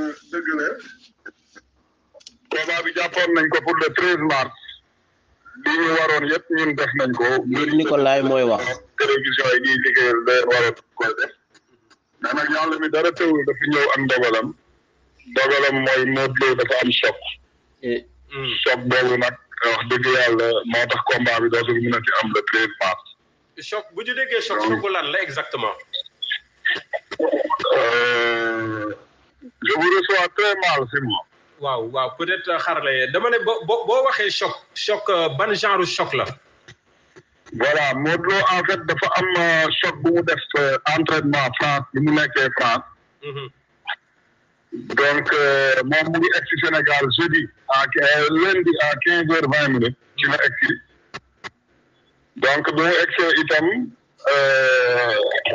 dëgg la combat bi jàppoon nañ ko pour le treize mars waroon yëpp ñun def nañ ko. lii Nicolas mooy wax. télévision yi ñuy liggéeyal day waroon ko def mais nag yàlla mi dara teewul dafa ñëw am ndogalam ndogalam mooy Modou dafa am choc. choc boobu nag wax dëgg yàlla moo tax combat bi dootul mën a ci am le treize mars. choc bu ñu déggee choc lan la exactement. Euh, je vous reçois très mal Simon. waaw waaw peut-être euh, xarale dama ne boo bo boo waxee choc choc euh, ban genre choc la. voilà Modou Lo en fait dafa am euh, choc bu mu def entredement France bi mu nekkee France. Mhm. donc moom mu ngi egg si Sénégal jeudi à lundi à quinze heures vingt minutes ci la egg donc bu mu itam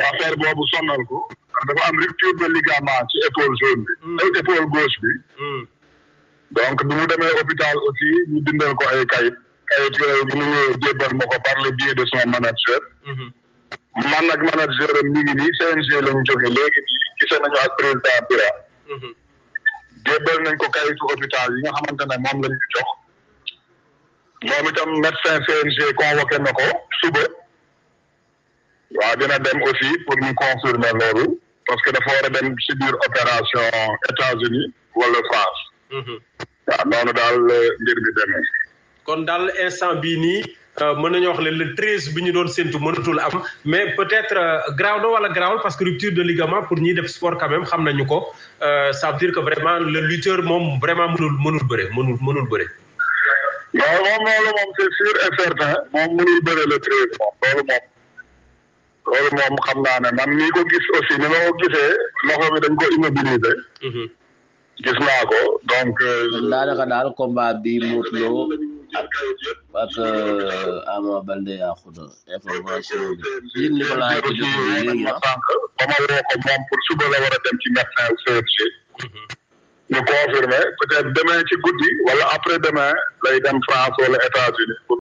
affaire boobu sonnal ko. dafa am rupture de ligament ci épaule jaune bi mm. épaule gauche bi mm. donc bi mu demee hôpital aussi ñu dindal ko ay kayit kayit yooyu bu ñu jébbal ma ko par le biais de son manager mm-hmm. man ak manager am mi ngi nii CNG lañu jóge léegi nii gisee nañu ak président Bira mm-hmm. jébbal nañ ko kayitu hôpital yi nga xamante ne moom lañu jox moom itam médecin CNG convoqué na ko suba waaw dina dem aussi pour ñu confirmer loolu parce que dafa war a dem si biir opération États-Unis wala France. Mhm. waaw la daal mbir mi kon daal instant bii nii euh, mën nañu wax ne le treize bi ñu doon séntu mënatul am mais peut-être euh, graaw wala graawul parce que rupture de ligament pour ñiy def sport quand même xam nañu ko euh, ça veut dire que vraiment le lutteur moom vraiment mënul mënul bëre mënul mënul bëre. waaw moom loolu moom c'est sûr et moom mënul bëre le treize moom loolu moom. bi moom xam naa ne man nii ko gis aussi ni ma ko gisee loxo bi dañ ko immobilisé. Mhm. gis naa ko donc. Euh, na daal combat bi Modou euh, bi yéen ko laaj ko jox léegi ah. ba ma woo ko moom a dem ci médecin ak chirurgie. Mhm. ci guddi wala après demain lay dem France wala États-Unis